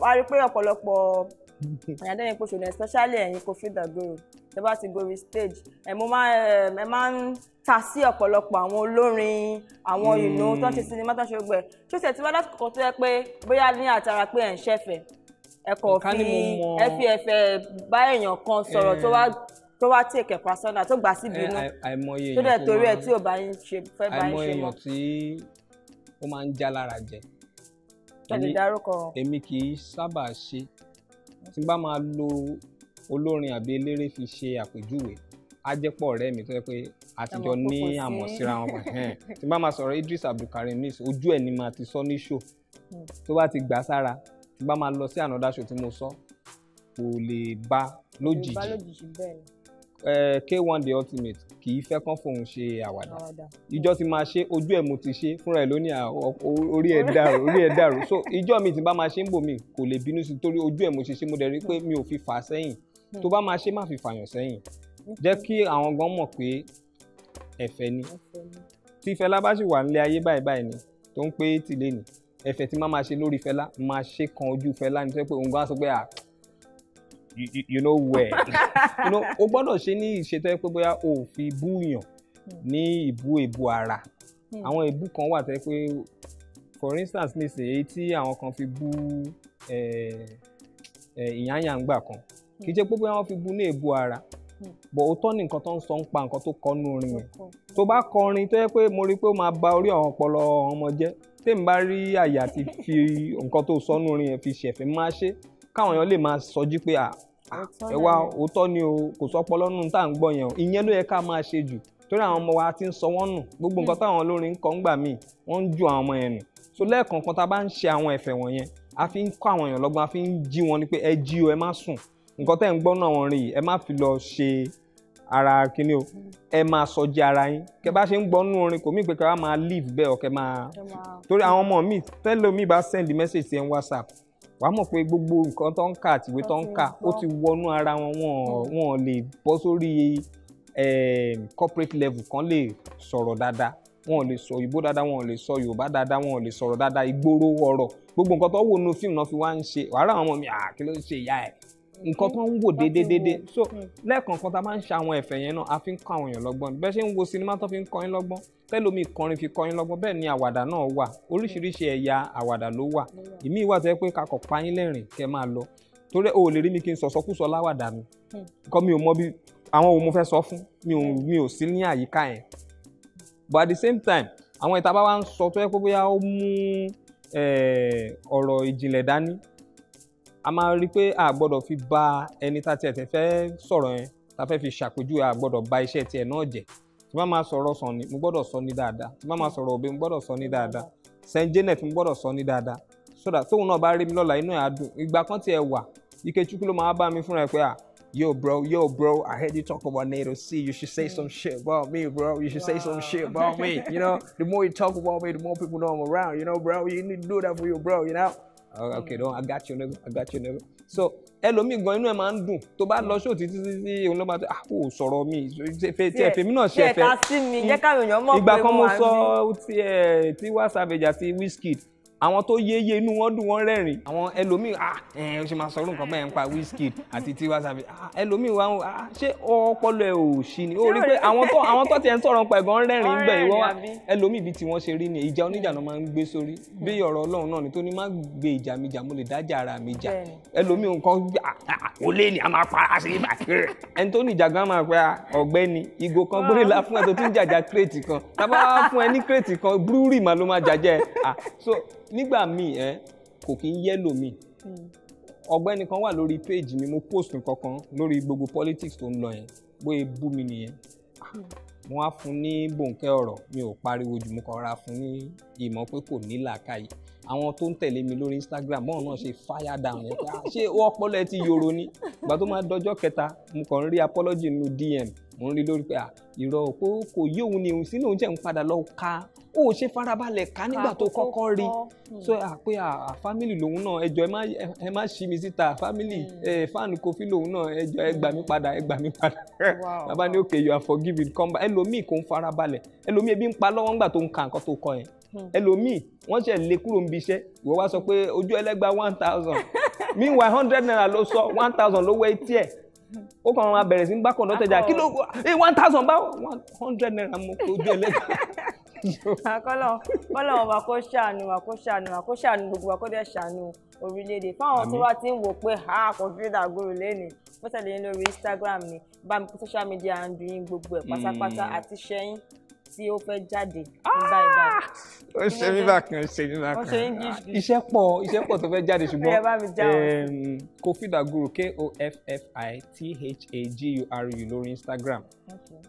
wàá rí i pé ọ̀pọ̀lọpọ̀ ẹ̀yàdẹ́yìn Kòsòdì especially ẹ̀yin Kofi Dagoro tẹ bá ti gorí stage ẹ̀ mo máa ẹ̀ máa ń ta sí ọ̀pọ̀lọpọ̀ àwọn olórin àwọn hmm. ìnú tó ń ṣe sinimá tó ń ṣe gbogbo ẹ̀ tó ṣe ti wá láti kọ̀ọ̀kan tó yẹ pé bóyá ní àtàrà pé ẹ̀ ń ṣẹ̀fẹ̀ ẹ̀ kọ̀ fi ẹ fi ẹ̀fẹ̀ bá èèyàn kan sọ̀rọ̀ tó wá eh. tó wá tí èkè pàṣọ́nà tó gbà síbi eh, inú tó dẹ̀ torí ẹ̀ tí ò bá yín ṣe fẹ́ bá yín ṣe mọ́. àìmọye èèyàn tí ó máa ń já lára jẹ tẹ̀lé dárúkọ. èmi kì í sábà ṣe tí n bá máa lo olórin àbí eléré fi ṣe àpèjúwe á jẹ́ pọ̀ ọ̀rẹ́ mi tó yẹ pé àtijọ́ ní àmọ̀ síra wọn tí n bá máa sọ̀rọ̀ Idris Abdulkareem nis ojú ẹ̀ ni màá ti sọ ní ṣò hmm. tó bá ti gbà sára tí n bá máa lọ sí ànádàṣọ tí mo sọ kò lè bá lójijì K1 the ultimate kì í fẹ́ kán fòun ṣe àwàdà ìjọ ti máa ṣe ojú ẹ̀ mo ti ṣe fúnra ẹ̀ lónìí orí ẹ̀ dàrú orí ẹ̀ dàrú so ìjọ mi ti bá máa ṣe ń bò mí kò lè bínú sí torí ojú ẹ̀ mo ṣe ṣe mo dẹ̀ rí pé mi ò fi fà á sẹ́yìn tó bá máa ṣe má fi fàyàn sẹ́yìn jẹ́ kí àwọn gan mọ̀ pé ẹ̀fẹ̀ ni tí Fẹlá bá sì wà nílé ayé báyìí báyìí ni tó ń pé tìlé ni ẹ̀fẹ̀ tí má máa ṣe lórí Fẹlá máa ṣe kan ojú Fẹlá ni tó yẹ pé òun gan sọ pé you, know where you know o gbọ́dọ̀ ṣe ní ìṣètò ẹ bóyá o fi bú yàn hmm. ní ìbú èbú ara hmm. àwọn ìbú kan wà tẹ́ pé for instance nísìnyí tí àwọn kan fi bú ìyáǹyà ń gbà kan hmm. kì í ṣe pé bóyá wọ́n fi bú ní èbú ara bọ̀ òótọ́ ní nǹkan tó ń sọ ń pa nǹkan tó kọ́ nù orin yẹn tó bá kọrin tó yẹ pé mo rí i pé ó máa ba orí àwọn ọpọlọ ọmọ jẹ́ tèmi bá rí àyà ti fi nǹkan tó sọ nù orin fi ṣẹ̀fẹ̀ máa ṣe káwọn èèyàn lè máa sọjú pé Ah, ẹ wá òótọ́ ni o kò sọpọ lọ́nù tá à ń gbọ́ yẹn o ìyẹn ló yẹ ká máa ṣe jù torí àwọn ọmọ wa ti ń sọ wọ́n nù gbogbo nǹkan hmm. táwọn olórin ń kọ ńgbà míì wọ́n ń ju àwọn ọmọ yẹn nù so lẹ́ẹ̀kọ̀ọ̀kan tá a bá ń ṣe àwọn ẹ̀fẹ̀ wọ̀nyẹn a fi ń kọ́ àwọn èèyàn lọ́gbọ́n a fi ń jí wọn ni pé ẹ jí o ẹ má sùn nǹkan tẹ́ ń gbọ́ náà wọ́n rìn yìí ẹ má fi lọ ṣe ara kíní o ẹ máa sọjí ara yín kẹ bá ṣe ń gbọ́ nú orin kò mí pé kẹ wá máa leave bẹ́ẹ̀ ọ̀kẹ́ máa torí hmm. àwọn ọmọ mi tẹ́lẹ̀ mi bá send message sí ẹ WhatsApp wàá mọ̀ pé gbogbo nǹkan tó ń kà àtìwé tó ń kà ó ti wọnú ara wọn wọn hmm. lè bọ́ sórí ehm, corporate level kan lè sọ̀rọ̀ dáadáa wọn ò lè sọ òyìnbó dáadáa wọn ò lè sọ yorùbá dáadáa wọn ò lè sọ̀rọ̀ dáadáa ìgboro ọ̀rọ̀ gbogbo nǹkan tó wò nu fíìmù náà fi wá ń ṣe wàhálà àwọn ọmọ mi à kí ló ń ṣe ìyá ẹ̀ nǹkan tó ń wò hmm. déédéédéé so hmm. lẹ́ẹ̀kọ̀ọ̀kan tá a máa ń ṣe àwọn ẹ̀fẹ̀ yẹn náà a fi ń kọ́ àwọn èèyàn lọ́gbọ́n bẹ́ẹ̀ ṣe ń wo sinimá tó fi ń kọ́ yín lọ́gbọ́n tẹ́lómi kọrin fi kọyín lọ́gbọ́n bẹ́ẹ̀ ni àwàdà náà wà oríṣiríṣi ẹ̀yà àwàdà ló wà ìmí ìwà tó yẹ pé kakọ̀ payín lẹ́rìn kẹ́ máa lọ torí o lè rí mi kí n sọ̀sọ́kùsọ láwàdà mi kọ́ mi ò mọ bí àwọn òun mo fẹ́ sọ fún mi ò mi ò sí ní àyíká yẹn but at the same time àwọn ìta bá wá ń sọ tó yẹ pé bóyá ó mú ọ̀rọ̀ ìjìnlẹ̀ dání a máa rí i pé a gbọ́dọ̀ fi ba ẹni tá tiẹ̀ fẹ́ sọ̀rọ̀ yẹn tá fẹ́ fi ṣàpèjúwe a gbọ́dọ̀ ba iṣẹ́ tiẹ̀ náà jẹ́ tí bá máa sọ̀rọ̀ sàn ni mo gbọ́dọ̀ sọ ní dáadáa tí bá máa sọ̀rọ̀ òbí mo gbọ́dọ̀ sọ ní dáadáa Saint Janet mo gbọ́dọ̀ sọ ní dáadáa sódà tóun náà bá rí mi lọ́la inú ẹ̀ á dùn ìgbà kan tiẹ̀ wà Ikechukwu ló máa bá mi fúnra ẹ̀ pé à ah, yo bro yo bro i heard you talk about nato See, you should say some shit about me bro you should wow. say some shit about me you know the more you talk about me the more people know i'm around you know bro you need to do that for you bro you know Ah, okay don i got you nigga i got you nigga so ẹlòmíì gan inú ẹ máa ń dùn tó bá lọ ṣó títí títí òun ló máa tó ah kò sọ̀rọ̀ mi tí ẹ fèmí náà ṣe fẹ́ ìgbà kan mo sọ ti eh, Tiwa Savage àti Wizkid àwọn tó yéye inú wọn dùn wọn rẹ́rìn àwọn ẹlòmíì ah ẹ eh, ṣe máa sọ orúkọ bẹ́ẹ̀ ń pa Wizkid àti Tiwa Savage ah ẹlòmíì wa ah ṣé ọpọlọ ẹ ò ṣí ni ó rí pé àwọn tó àwọn tó tiẹ̀ ń sọ̀rọ̀ nípa ẹ̀gàn rẹ́rìn ń bẹ̀ ìwọ́ ẹlòmíì bíi tiwọn ṣe rí ni ìjà oníjà máa ń gbé sórí bí hmm. ọ̀rọ̀ Ọlọ́run náà ni tó ní má gbé ìjà mi jà mo lè dájà ara mi jà ẹlòmíì nǹkan ó lé ní a máa para sí ibà ẹni tó ní ìjà gan máa pa ah, ọ̀gbẹ́ni ìgò kan gbére la fún ẹ tó tún jàjà kírètì kan tábà fún ẹ ní kírètì kan búrúrì màá ah, so nígbà míì ẹ kò kí ń yẹ́lò mi hmm. ọ̀gbẹ́ni kan wà lórí péjì mi mo post nǹkan kan lórí gbogbo politics tó ń lọ yẹn bóyá bú mi nìyẹn ah, hmm. mo wá fún ní bòńkẹ́ ọ̀rọ̀ mi ò pariwo jù mo kàn ra fún ní ìmọ̀ pé kò ní làákàyè àwọn tó ń tẹ̀lé mi lórí Instagram bọ́ọ̀ náà ṣe fire down yẹn pé ah, ṣé ọpọlọ ẹ ti yòrò ni ìgbà tó máa dọjọ́ kẹta mo kàn ń rí apology nínú DM mò ń rí lórí pé ìrọ̀ pé kò yí òun ni òun sí lòun jẹ́ ń padà lọ ka ó ṣe farabalẹ̀ ká nígbà tó kọ́kọ́ rí hmm. so àpé àfámìlì lòun náà ẹjọ́ ẹ má ṣí mi síta àfámìlì hmm. fan Kofi lòun náà ẹjọ́ ẹ gbà mí padà ẹ gbà mí padà bàbá ní okay you are forgiven come back ẹlòmíì kò ń farabalẹ̀ ẹlòmíì ebi ń pa lọ́wọ́ ńgbà tó ń ka nǹkan tó kọ yẹn hmm. ẹlòmíì wọ́n ṣe lè kúrò níbi iṣẹ́ ìwọ wá sọ pé ojú ẹlẹ́gbàá one thousand meanwhile hundred naira ló sọ one thousand ló wẹ́ etí ó kàn máa bẹ̀rẹ̀ sí ń bá kọ̀ọ̀dọ́ tẹ̀jà kí ló one thousand bá one hundred naira mo kojú ẹlẹ́gbẹ̀ẹ́. àkọlọ kọlọ wa kó ṣàánú wa kó ṣàánú wa kó ṣàánú gbogbo wa kó dẹ̀ ṣàánú orílẹ̀-èdè fáwọn tó wá ti ń wò pé ha kò fi dàgbòrò lẹ́nìí bó lórí Instagram ni bá mi social media ń yín gbogbo ẹ̀ pátápátá mm. àti ṣẹ́yìn tí ó fẹ́ jáde ní ah! báyìí báyìí. ó ṣe mí bákan ṣe mí bákan iṣẹ́ pọ̀ iṣẹ́ pọ̀ tó fẹ́ jáde ṣùgbọ́n Kofi Daguru k-o-f-f-i-t-h-a-g-u-r-u lórí Instagram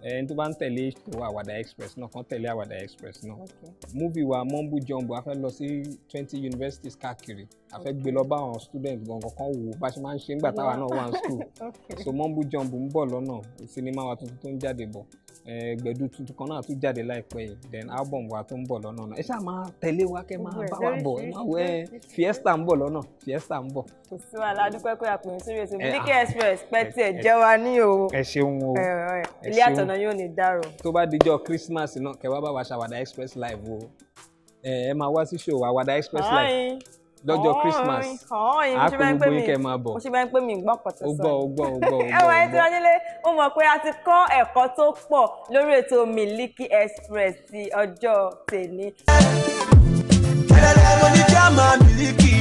ẹni tó bá ń tẹ̀lé ètò àwàdà express náà kàn tẹ̀lé àwàdà express náà múvì wa mumbo jumbo a fẹ́ lọ sí twenty universities káàkiri a fẹ́ gbé lọ bá àwọn students gbọ̀ngàn kan wò bá ṣe máa ń ṣe nígbà táwa náà wà ní school so mumbo jumbo ń bọ̀ lọ́nà sinimá wa tuntun tó ń jáde bọ̀ gbẹ̀du tuntun kan náà tún jáde jáde láìpẹ́ yìí then album wa tó ń bọ̀ lọ́nà náà ẹ ṣáà máa tẹ̀lé wa kẹ́ máa bá wa bọ̀ ẹ máa wẹ fiesta ń bọ̀ lọ́nà fiesta ń bọ̀. kò sí wàhálà adúpẹ́ pé àpòyìn sórí ètò Miliki Express pẹ́ tiẹ̀ jẹ́ wa ní o. ẹ ṣeun o ilé àtọ̀nà yóò ní dárò. tó bá dijọ́ Christmas náà kẹ́ wá bá wa ṣàwàdà Express live o ẹ máa wá sí show àwàdà Express live lọ́jọ́ christmas a kò gbogbo yín kẹ́ máa bọ̀. mo ṣe máa ń pè mí gbọ́ pọ̀tẹ́sán. o gbọ́ o gbọ́ o gbọ́ o gbọ́. ẹwà ètò ọ̀nìlẹ̀ mo mọ̀ pé a ti kọ́ ẹ̀kọ́ tó pọ̀ lórí ètò miliki express ti ọjọ́ tèmi. ẹlẹ́lẹ́ mo ní jẹ́ àmà miliki